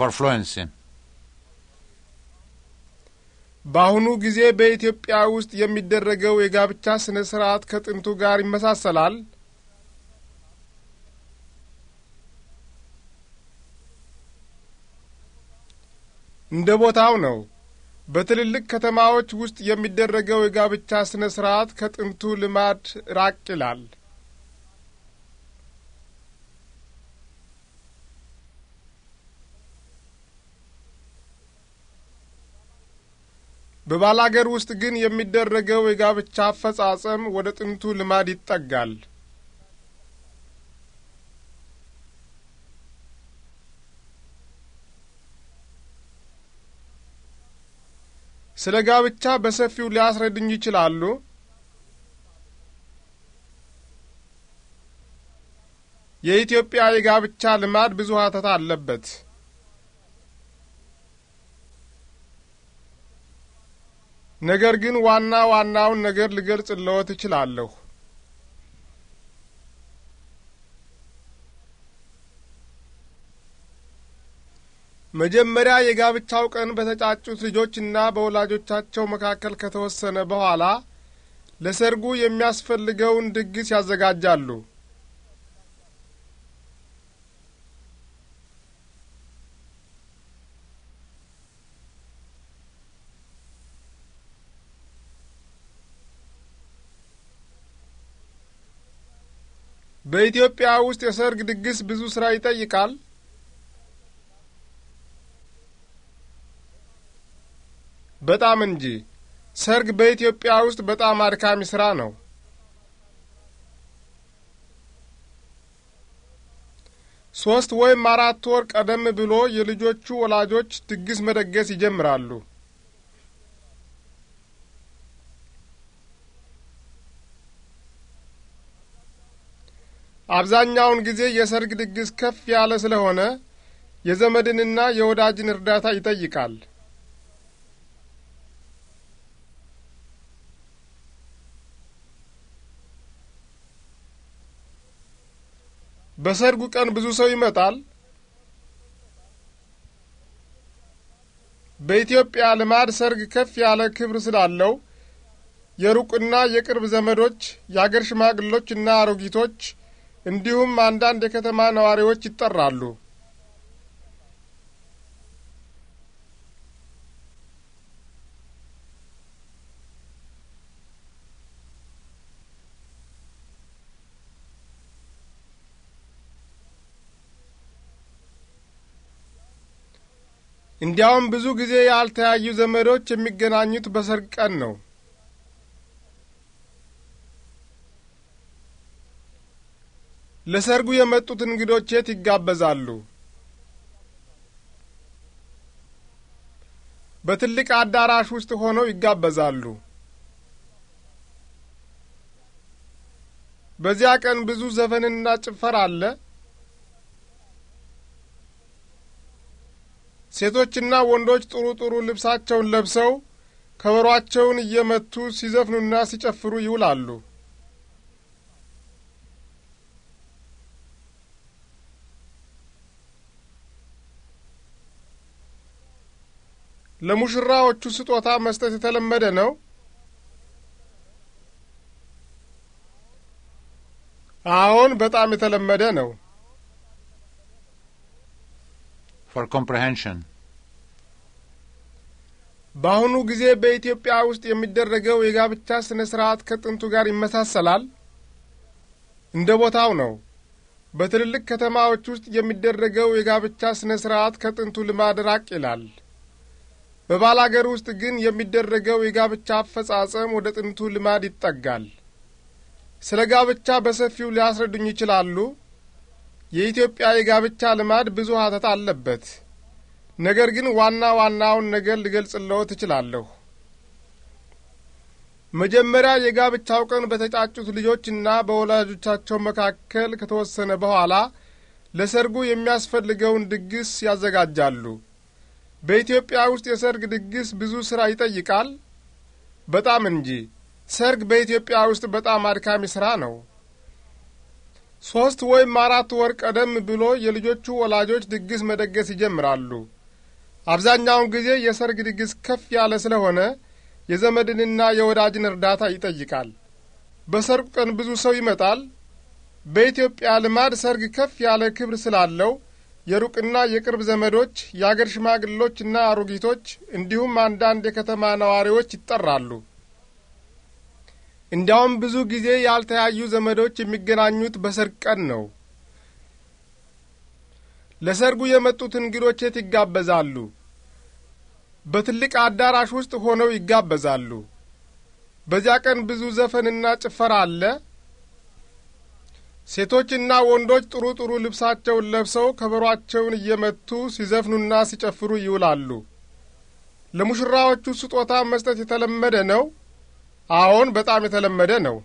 for fluency በአሁኑ ጊዜ በኢትዮጵያ ውስጥ የሚደረገው የጋብቻ ስነ ስርዓት ከጥንቱ ጋር ይመሳሰላል? እንደ ቦታው ነው። በትልልቅ ከተማዎች ውስጥ የሚደረገው የጋብቻ ስነ ስርዓት ከጥንቱ ልማድ ራቅ ይላል። በባላገር ውስጥ ግን የሚደረገው የጋብቻ አፈጻጸም ወደ ጥንቱ ልማድ ይጠጋል። ስለ ጋብቻ በሰፊው ሊያስረድኝ ይችላሉ? የኢትዮጵያ የጋብቻ ልማድ ብዙ ሀተት አለበት። ነገር ግን ዋና ዋናውን ነገር ልገልጽልዎት እችላለሁ። መጀመሪያ የጋብቻው ቀን በተጫጩት ልጆችና በወላጆቻቸው መካከል ከተወሰነ በኋላ ለሰርጉ የሚያስፈልገውን ድግስ ያዘጋጃሉ። በኢትዮጵያ ውስጥ የሰርግ ድግስ ብዙ ስራ ይጠይቃል? በጣም እንጂ። ሰርግ በኢትዮጵያ ውስጥ በጣም አድካሚ ስራ ነው። ሶስት ወይም አራት ወር ቀደም ብሎ የልጆቹ ወላጆች ድግስ መደገስ ይጀምራሉ። አብዛኛውን ጊዜ የሰርግ ድግስ ከፍ ያለ ስለሆነ የዘመድንና የወዳጅን እርዳታ ይጠይቃል። በሰርጉ ቀን ብዙ ሰው ይመጣል። በኢትዮጵያ ልማድ ሰርግ ከፍ ያለ ክብር ስላለው የሩቅና የቅርብ ዘመዶች፣ የአገር ሽማግሎች እና አሮጊቶች እንዲሁም አንዳንድ የከተማ ነዋሪዎች ይጠራሉ። እንዲያውም ብዙ ጊዜ ያልተያዩ ዘመዶች የሚገናኙት በሰርግ ቀን ነው። ለሰርጉ የመጡት እንግዶች የት ይጋበዛሉ? በትልቅ አዳራሽ ውስጥ ሆነው ይጋበዛሉ። በዚያ ቀን ብዙ ዘፈንና ጭፈራ አለ። ሴቶችና ወንዶች ጥሩ ጥሩ ልብሳቸውን ለብሰው ከበሯቸውን እየመቱ ሲዘፍኑና ሲጨፍሩ ይውላሉ። ለሙሽራዎቹ ስጦታ መስጠት የተለመደ ነው? አዎን፣ በጣም የተለመደ ነው። for comprehension በአሁኑ ጊዜ በኢትዮጵያ ውስጥ የሚደረገው የጋብቻ ስነ ስርዓት ከጥንቱ ጋር ይመሳሰላል? እንደ ቦታው ነው። በትልልቅ ከተማዎች ውስጥ የሚደረገው የጋብቻ ስነ ስርዓት ከጥንቱ ልማድ ራቅ ይላል። አገር ውስጥ ግን የሚደረገው የጋብቻ አፈጻጸም ወደ ጥንቱ ልማድ ይጠጋል። ስለ ጋብቻ በሰፊው ሊያስረዱኝ ይችላሉ? የኢትዮጵያ የጋብቻ ልማድ ብዙ ሀተት አለበት። ነገር ግን ዋና ዋናውን ነገር ልገልጽልዎ ትችላለሁ። መጀመሪያ የጋብቻው ቀን በተጫጩት ልጆችና በወላጆቻቸው መካከል ከተወሰነ በኋላ ለሰርጉ የሚያስፈልገውን ድግስ ያዘጋጃሉ። በኢትዮጵያ ውስጥ የሰርግ ድግስ ብዙ ሥራ ይጠይቃል? በጣም እንጂ። ሰርግ በኢትዮጵያ ውስጥ በጣም አድካሚ ሥራ ነው። ሦስት ወይም አራት ወር ቀደም ብሎ የልጆቹ ወላጆች ድግስ መደገስ ይጀምራሉ። አብዛኛውን ጊዜ የሰርግ ድግስ ከፍ ያለ ስለሆነ የዘመድንና የወዳጅን እርዳታ ይጠይቃል። በሰርጉ ቀን ብዙ ሰው ይመጣል። በኢትዮጵያ ልማድ ሰርግ ከፍ ያለ ክብር ስላለው የሩቅና የቅርብ ዘመዶች፣ የአገር ሽማግሎች እና አሮጊቶች እንዲሁም አንዳንድ የከተማ ነዋሪዎች ይጠራሉ። እንዲያውም ብዙ ጊዜ ያልተያዩ ዘመዶች የሚገናኙት በሰርግ ቀን ነው። ለሰርጉ የመጡት እንግዶች የት ይጋበዛሉ? በትልቅ አዳራሽ ውስጥ ሆነው ይጋበዛሉ። በዚያ ቀን ብዙ ዘፈንና ጭፈራ አለ። ሴቶችና ወንዶች ጥሩ ጥሩ ልብሳቸውን ለብሰው ከበሯቸውን እየመቱ ሲዘፍኑና ሲጨፍሩ ይውላሉ። ለሙሽራዎቹ ስጦታ መስጠት የተለመደ ነው? አዎን፣ በጣም የተለመደ ነው።